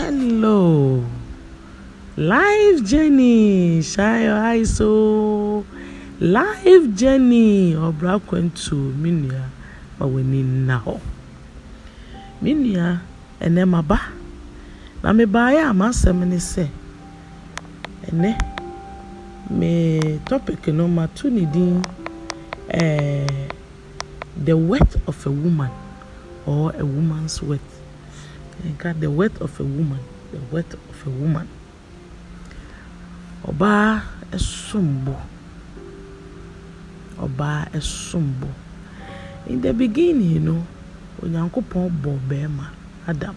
hello life journey shine your eyes o life journey ɔbra kwantu me nua ma w'ani nna hɔ me nua ɛnɛ maba na mebaeɛ a m'asɛm ne sɛ ɛnɛ me topic no mato ne din ɛɛ the worth of a woman or a woman's worth nka the worth of a woman the worth of a woman ɔbaa sombo ɔbaa sombo in the beginning you no know, onyankopɔn bɔ barima adam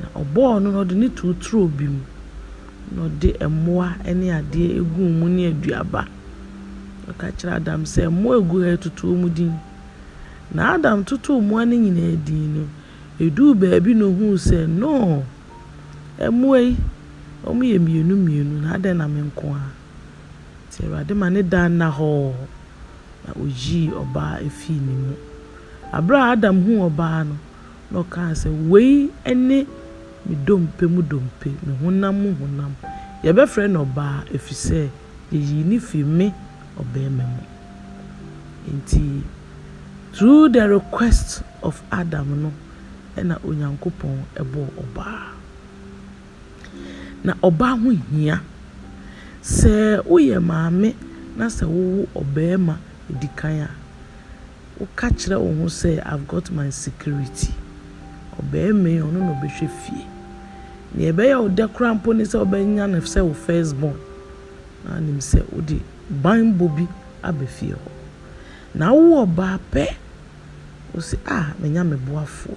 na ɔbɔɔ no na ɔde ne tuuturo bi mu na ɔde mmoa ne adeɛ egu mu ne aduaba ɔka kyerɛ adam sɛ mmoa egu ha tutuo mu din na adam tutu mmoa no nyinaa din no. Eduu beebi na ohun sɛ no, mmoa yi, wɔyɛ mmienu mmienu na adɛn na me nko ara? Enti Awurade ma ne da na oyii ɔbaa efi ne mu. Abere a Adam huu ɔbaa no, na ɔkaa sɛ, “Wei ne me dompe mu dompe, me honam mu honam. Yɛbɛfrɛ no ɔbaa, efisɛ yeyii no fii me, ɔbarima mu.” Enti through the request of Adam no, ɛna onyankopɔn ɛbɔɔ ɔbaa na ɔbaa ho hia sɛ woyɛ maame na sɛ wowo ɔbarima di kan a woka kyerɛ wo ho sɛ i've got my security ɔbarima yi ɔno na ɔbɛhwɛ fie nea ɛbɛyɛ wo koraa mpo ne sɛ wobɛnya no sɛ wo first born na anim sɛ wode banbɔ bi aba fie hɔ na wowɔ ɔbaa pɛ wo a ah, menya me boafoɔ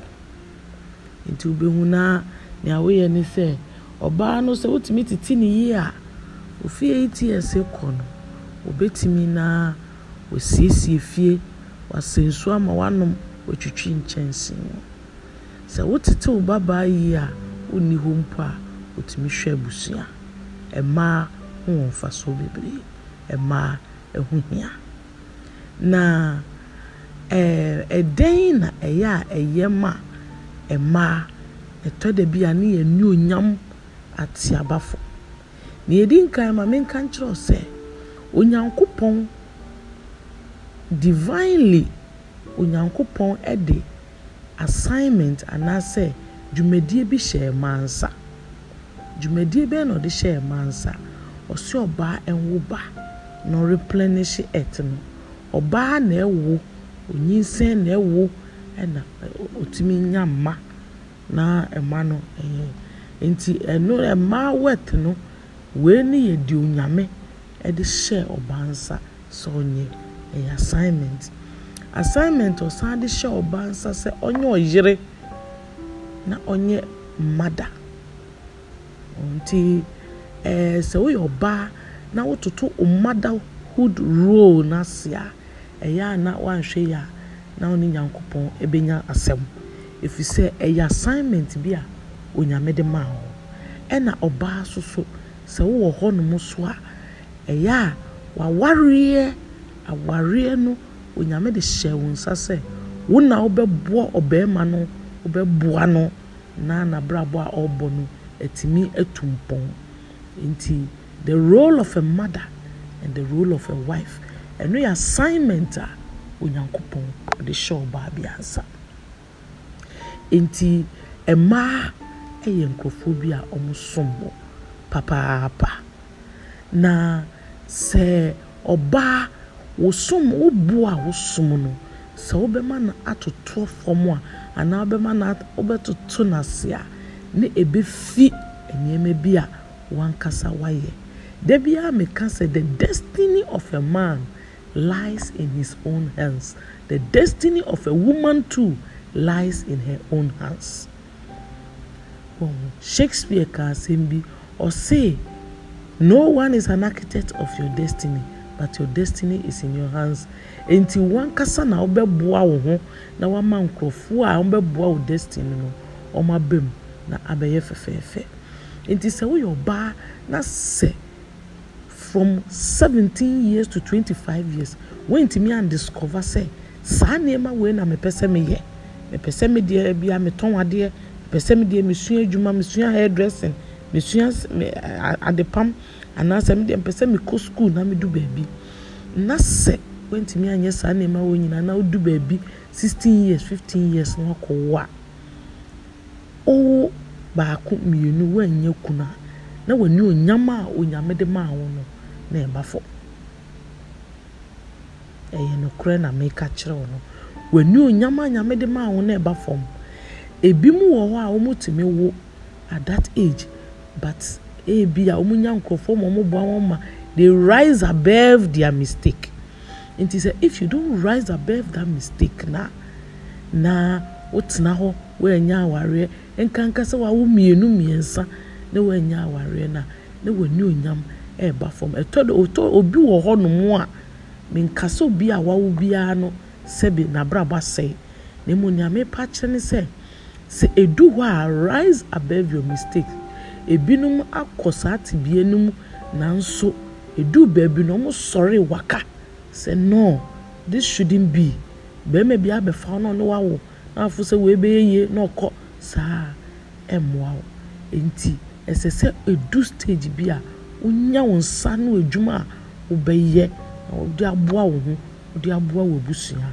nti wobɛhu na nea woyɛ ne sɛ ɔbaa no sɛ wotumi tete ne yie a ofi eight years kɔ no obetumi na wasiesie fie wasa nsu ama wanom watwitwi nkyɛnse mu sɛ wotete wo babaa yie a wonni hɔ mpo a wotumi hwɛ abusua mmaa ho wɔn mfasoɔ bebree mmaa ho hia na ɛɛ ɛdɛn na ɛyɛ a ɛyɛ ma. mmaa ɛtɔ da bi a ne yɛ nnuonyam atiabafo nea ɛdi nkan ma menka nkyerɛ wo sɛ onyankopɔn divinely onyankopɔn de assignment anaasɛ dwumadie bi hyɛɛ mmaa nsa dwumadie bɛn na ɔde hyɛɛ mmaa nsa ɔsɛ ɔbaa ɛnwo ba na ɔreplenish earth no ɔbaa na ɛwo onyinsɛn na ɛwo ɛna otumi nya mma na mma no ɛyɛ nti ɛno mmaa wet no wei ne yɛ deɛ onyame ɛde hyɛ ɔbaa nsa sɛ ɔnyɛ ɛyɛ assignment assignment ɔsan de hyɛ ɔbaa nsa sɛ ɔnyɛ ɔyere na ɔnyɛ mmada nti ɛɛ sɛ woyɛ ɔbaa na wototo mmadahood role n'ase a ɛyɛ a na wanhwɛ yɛ a. na wo ne nyankopɔn bɛnya asɛm ɛfiri sɛ ɛyɛ assignment bi a onyame de maa wo ɛna ɔbaa so so sɛ wowɔ hɔnom so a ɛyɛ a wawareɛ awareɛ no onyame de hyɛ wo nsa sɛ wo na wobɛboa ɔbarima no wobɛboa no na nabrabɔ a ɔrebɔ no atumi atu mpɔn nti the role of a mother and the role of a wife ɛno yɛ assignment a onyankopɔn ɔde hyɛ ɔbaa bi ansa nti mmaa yɛ nkurɔfoɔ bi a wɔsom wɔ papaapa na sɛ ɔbaa wosom woboa a wosom no sɛ wobɛma no atoto fam a anaa wobɛma no wobɛtoto no ase a ne ɛbɛfi nneɛma bi a wankasa wayɛ da biara meka sɛ the destiny of a man lies in his own hands. The destiny of a woman, too, lies in her own hands. Well, Shakespeare ka asɛm bi ɔse no one is an architect of your destiny but your destiny is in your hands nti wankasa na wobɛboa wo ho na wama nkurɔfoɔ a wɔbɛboa wo destiny no wɔn bem na abe abɛyɛ fɛfɛɛfɛ nti sɛ woyɛ ɔbaa na se from seventeen years to twenty-five years wɔntumi andiscover sɛ saa nneɛma wei na mepɛ sɛ meyɛ mepɛ sɛ me deɛ bia metɔn adeɛ mepɛ sɛ me deɛ mesua adwuma mesua hair dressing mesua adepam anaasɛ me deɛ mepɛ sɛ mekɔ school na medu baabi na sɛ wɔntumi anyɛ saa nneɛma wɔ nyinaa na wodu baabi sixteen years fifteen years na wakɔwo a ɔwo baako mmienu wɔanyɛ kuna na wɔani onyama a onyame de maa wo no na ɛba fɔ ɛyɛ nokorɛ na meka kyerɛ wo no w'ani onyama nyame de maa wo na ɛba fam ebi mu wɔ hɔ a wɔtumi wo at that age but ebi a wɔn nya nkurɔfoɔ ma wɔn boa wɔn ma they rise above their mistake nti sɛ if you don rise above that mistake na na wotena hɔ wɔanya awareɛ nkankasa wɔ a wo mmienu mmiɛnsa na wɔanya awareɛ na na wɔn ani onyam. ɛreba fam ɛtɔ do ɔtɔ obi wɔ hɔnom a nkasa obi a wawo biara no sɛbi n'abrabɔ asɛe na emu nea mepa kyerɛ ne sɛ sɛ edu hɔ a rise above your mistake ebinom akɔ saa tibie no mu nanso edu baabi na wɔn sɔre waka sɛ no this shouldn't be bɛrima bi abɛfa no ɔno wawo n'afɔ sɛ wɔabɛyɛ yie na ɔkɔ saa ɛmmoa wo nti ɛsɛ sɛ edu stage bi a. wonya wo nsa no adwuma a wobɛyɛ na wode aboa wo ho wode aboa w'abusua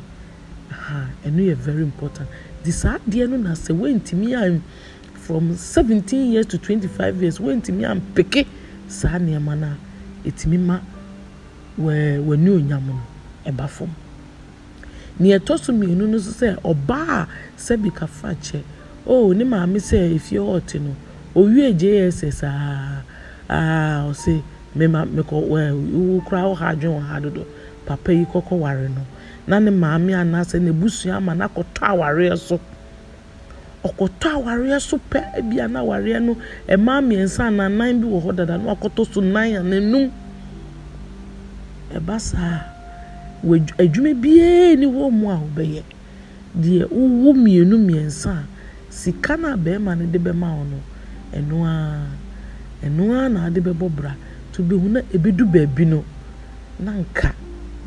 ɛno yɛ very important nti saa adeɛ no na sɛ woantumi a from 17 years to 25 years woantumi ampeke saa nneɛma no a ɛtumi ma w'ani onyam no ɛba fam nea ɛtɔ so mmienu no so sɛ ɔbaa sɛbi kafa kyɛ o oh, ne maame sɛ efie ɔɔte no owie gye yɛ sɛ saa ɔse ah, mema mekɔ wokora wɔ ha adwene wɔ ha dodo papa yi kọkọ ware no na ne maame anaasɛ n'abusua ama na akɔtɔ awareɛ e so ɔkɔtɔ awareɛ e so ebi e a na awareɛ no mmaa mmiɛnsa na nan bi wọ hɔ dada na akɔtɔ so nan ananum ɛba saa adwuma biara ni wɔ mu a wɔbɛyɛ deɛ wowo mmienu mmiɛnsa a sika na a bɛrima no de bɛma wo no ɛno ɛno na ade bɛbɔ bra nti wobɛhu na ebi du baabi no na nka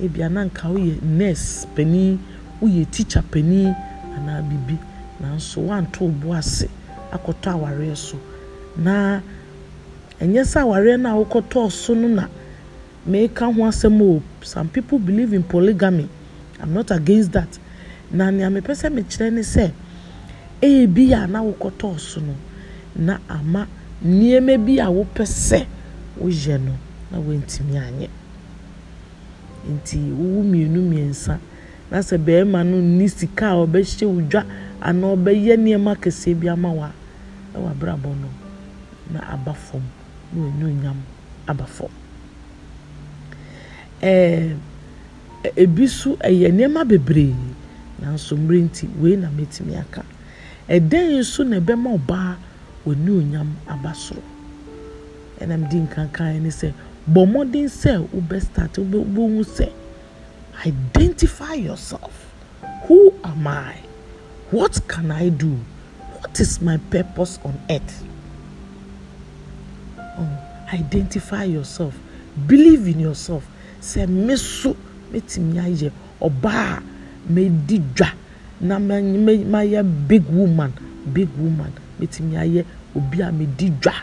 ebia na nka woyɛ nurse panin woyɛ teacher panyin anaa biribi nanso woanto wo bo ase akɔtɔ awareɛ so na ɛnyɛ sɛ awareɛ no a wokɔtɔɔ so no na meka ho asɛm o some people believe in polygamy i'm not against that na nea mepɛ sɛ mekyerɛ ne sɛ ɛyɛ bi a na wokɔtɔɔ so no na ama nneɛma bi a wopɛ sɛ woyɛ no na woantumi anyɛ nti wowu mmienu mmiɛnsa na sɛ barima no nni sika a ɔbɛhyɛ wo dwa anaa ɔbɛyɛ nneɛma kɛseɛ bi ama wo a na wabrabɔ no na aba fam na wani onyam aba fam ɛɛ ebi so ɛyɛ nneɛma bebree nanso mmerɛ nti wei na mɛtumi aka ɛdɛn nso na ɛbɛma ɔbaa. wɔne onyam aba soro ɛna mede nkankan ne sɛ bɔ mmɔden sɛ wobɛstart wobɛhu sɛ identify yourself who am i what can i do what is my purpose on earth um, identify yourself believe in yourself sɛ me so mɛtumi ayɛ ɔbaa a mɛdi dwa na me me ma mayɛ big woman big woman me mɛtumi ayɛ obi a medi dwa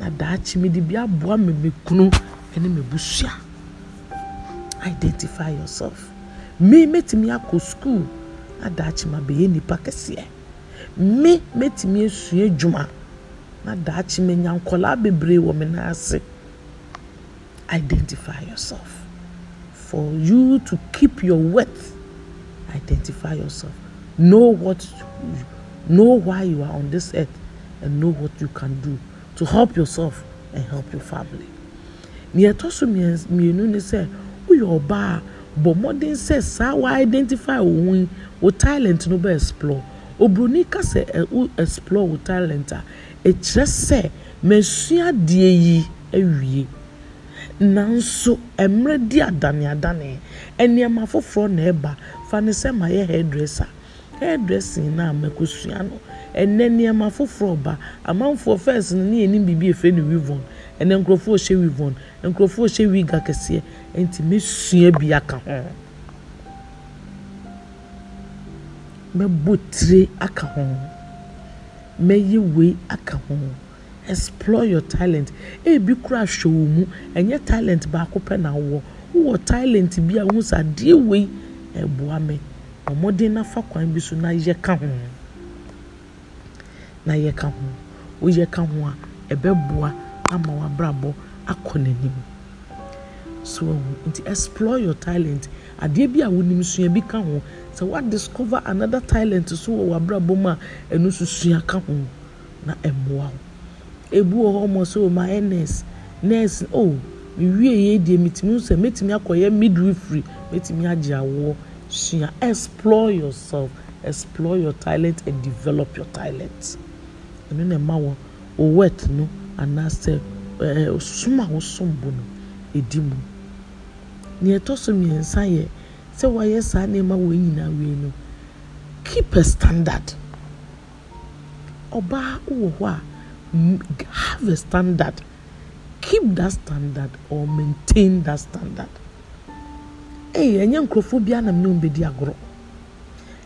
na daakye mede bi aboa me me kunu ne me busua identify yourself me mɛtumi akɔ sukuu na daakye ma bɛyɛ nipa kɛseɛ me mɛtumi asua adwuma na daakye manya nkɔlaa bebree wɔ me nan ase identify yourself for you to keep your worth identify yourself know what you, know why you are on this earth and know what you can do to help yourself and help your family. Nea ɛtɔ so mmienu ne sɛ woyɛ ɔbaa a bɔ mmɔden sɛ saa wa identify wo ho wo talent no bɛ explore obroni ka sɛ ɛwo explore wo talent a ɛkyerɛ sɛ mɛsua deɛ yi awie nanso mmerɛ di adane adane nneɛma foforɔ na ɛba fa ne sɛ ma yɛ hairdresser hairdressing na mɛkosua no ɛnɛ nneɛma foforɔ ba amanfoɔ fɛs no ne yɛnim biribi efɛ no wivon ɛnɛ nkurɔfoɔ hyɛ wivon nkurɔfoɔ hyɛ wiga kɛseɛ nti mesua bi aka ho eh. mɛbɔ tire aka ho mɛyɛ wei aka ho explore your talent ebi kura ahwɛ wɔn mu ɛnyɛ talent baako pɛ na awɔ wowɔ talent bi a wohu sɛ adeɛ wei ɛboa me ɔmɔden nafa kwan bi so na yɛ ka ho na yɛka ho woyɛka ho a ɛbɛboa ama w'abrabɔ akɔ n'anim so ahu nti explore your talent adeɛ bi a wonim sua bi ka ho sɛ wadiscover another talent so wɔ w'abrabɔ mu a ɛno nso sua ka ho na ɛmmoa wo ebu wɔ hɔ mo sɛ o oh, ma yɛ nurse nurse oh mewie yɛ deɛ metumi sɛ metumi akɔyɛ midwifery metumi agye awoɔ sua explore yourself explore your talent and develop your talent ɛno na ɛma wɔ owet no anaasɛ ɛɛ som a wosom bo no edi mu nea ɛtɔ so mmiɛnsa yɛ sɛ wɔayɛ saa nneɛma wɔn nyinaa wie no keep a standard ɔbaa wɔ hɔ a have a standard keep that standard or maintain that standard ɛyɛ ɛnyɛ nkurɔfoɔ biara na mmeɛn bɛdi agorɔ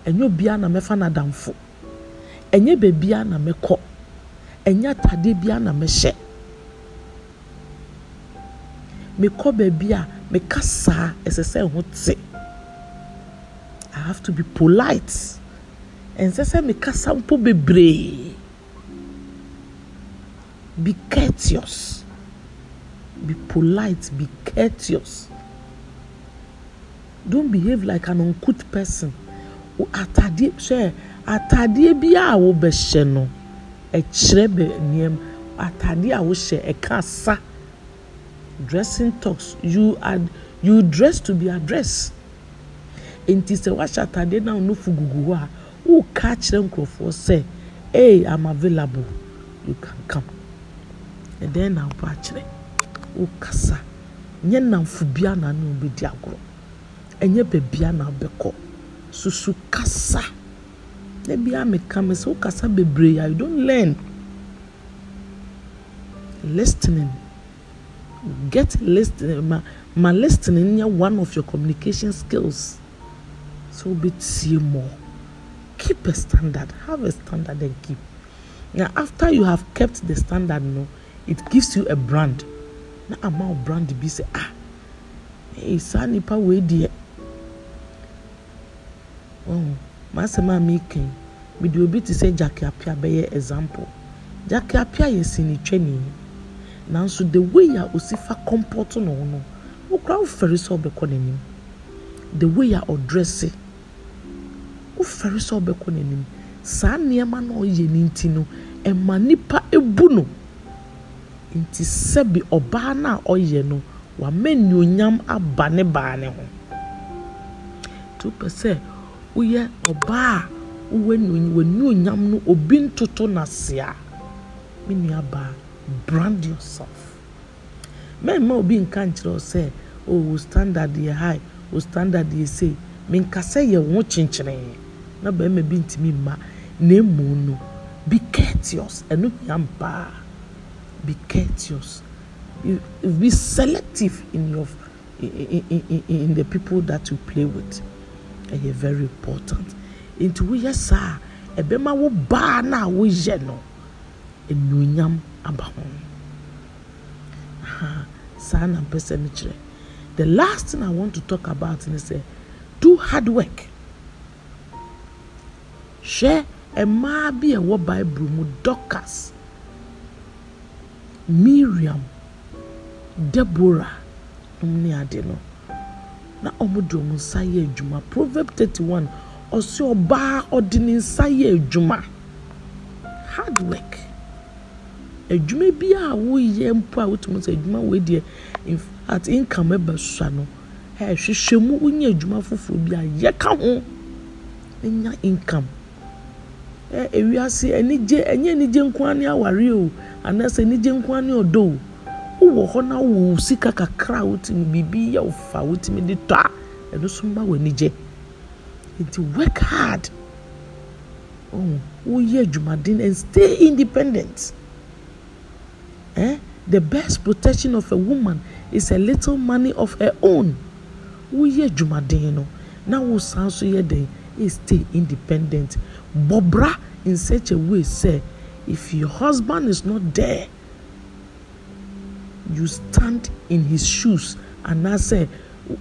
ɛnyɛ obiara na mɛfa n'adamfo ɛnyɛ beebiara na mɛkɔ ɛnyɛ atadeɛ biara na mehyɛ mekɔ baabi a meka saa ɛsɛ sɛ ɛho te i have to be polite ɛnsɛ sɛ mekasa mpo bebree be courteous be polite be courteous don't behave like an uncouth person atadeɛ hwɛ atadeɛ biara a wɔbɛhyɛ no ɛkyerɛ bɛ nneɛma ataade a wohyɛ ɛka sa dressing talks you are you dress to be addressed nti sɛ wahyɛ ataade na ɔno fu gugu hɔ a woka akyerɛ nkurɔfoɔ sɛ hey i'm available you can come ɛdɛn na abo akyerɛ wokasa nyɛ namfo bia na ne wobɛdi agorɔ ɛnyɛ baabia na wobɛkɔ susu kasa ebi ameka me sɛ wokasa bebree a you don't learn listening get listening ma ma listening yɛ one of your communication skills so wobetie more keep a standard have a standard and keep now after you have kept the standard no it gives you a brand na ama wo brand bi say, ah ee saa nipa wey di. Oh. masɛm a meekan mede obi te sɛ gyake apia bɛyɛ example gyake apia yɛ sinitwani nanso the way a osi fa kɔmpɔto na ɔno wokora wofɛre sɛ ɔbɛkɔ n'anim the way a ɔdrɛse wofɛre sɛ ɔbɛkɔ n'anim saa nneɛma na ɔyɛ ne nti no ɛma nnipa ebu no nti sɛbi ɔbaa na ɔyɛ no wama nnuonyam aba ne baa ne ho tu pɛ sɛ. woyɛ ɔbaa a w'ani onyam no obi ntoto n'ase a me nua baa brand yourself mɛmma obi nka nkyerɛ wo sɛ o oh, wo standard yɛ high wo standard yɛ sei menkasa yɛ wo kyenkyenee na bɛrima bi ntumi mma na emu no be courteous ɛno hia mpaa be courteous be selective in your in, in, in, in the people that you play with ɛyɛ very important nti woyɛ saa ɛbɛma wo baa na a woyɛ no enuonyam aba ho saa na mpɛ sɛ mekyerɛ the last thing i want to talk about ne sɛ do hard work hwɛ mmaa bi a ɛwɔ bible mu dorcas miriam deborah nom ne ade no. na wɔn de wɔn nsa yɛ adwuma proverb thirty one ɔsi ɔbaa ɔde ne nsa yɛ adwuma hard work adwuma bi a wɔreyɛ mpo a wotumi sɛ adwuma wɔ deɛ in fact income ɛbɛ no mu wonye adwuma foforɔ bi a ho enya income enye anigye ne wowɔ hɔ na wo sika kakra a wotumi biribi yɛ wo fa wotumi de tɔ a ɛno so ma w'ani gye nti work hard oh, woyɛ adwumaden and stay independent eh? the best protection of a woman is a little money of her own woyɛ adwumaden no na wo san so yɛ den e stay independent bɔbra in such a way sɛ if your husband is not there you stand in his shoes and anaasɛ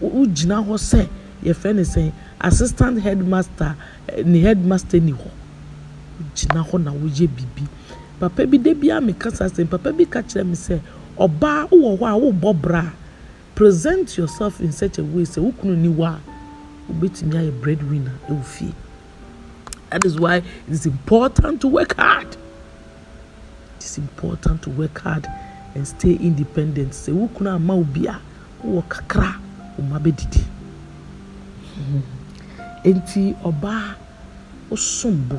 wogyina hɔ sɛ yɛfrɛ ne sɛ assistant headmaster eh, ne headmaster ni hɔ wogyina hɔ na woyɛ biribi papa bi de bia kasa sɛ papa bi ka kyerɛ me sɛ ɔbaa wowɔ hɔ a wobɔ bra present yourself in such a way sɛ wo kunu ni wɔ a wobɛtumi ayɛ bread winner ɛwɔ e fie that is why it is important to work hard it is important to work hard and stay independent sɛ wo ama wo bia wowɔ kakra wo ma bɛdidi hmm. nti ɔbaa wosom bo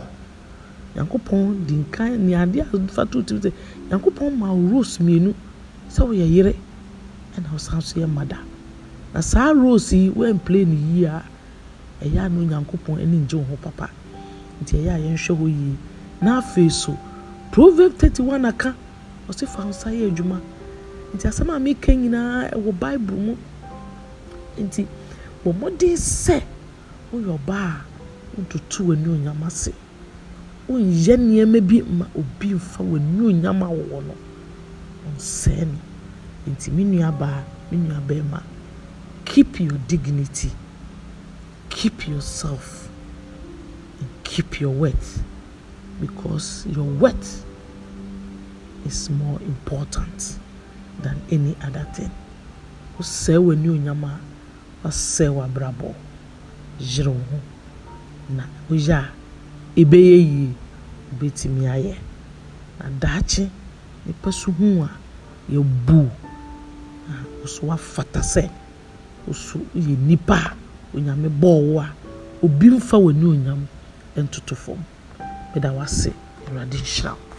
nyankopɔn di nkan ne adeɛ afa to tim sɛ nyankopɔn ma wo rose mmienu sɛ woyɛ yere ɛna wosan so yɛ mada na saa rose yi woample no yie a ɛyɛ a no nyankopɔn ani ngye wo ho papa nti ɛyɛ a yɛnhwɛ hɔ yie na afei so proverb 31 aka ɔsi fa nsa yɛ adwuma nti asɛm a meka nyinaa ɛwɔ bible mu nti wɔ mmɔden sɛ woyɛ ɔbaa a wotutu w'ani onyam ase wonyɛ nneɛma bi ma obi mfa w'ani onyam a wɔwɔ no nsɛɛ no nti me nua baa me nua bɛrima keep your dignity keep yourself and keep your worth because your worth is more important than any other thing. Wosɛe w'ani onyam a, wasɛe w'abrabɔ. Yere wo ho na woyɛ a, ɛbɛyɛ yie. Wobɛtumi ayɛ. Na daakye nnipa so hu wo a, yɛbu wo. Na wo so woafata sɛ wo so woyɛ a Onyame bɔɔ a obi mfa w'ani onyam ntoto fam. Meda wo ase. Awurade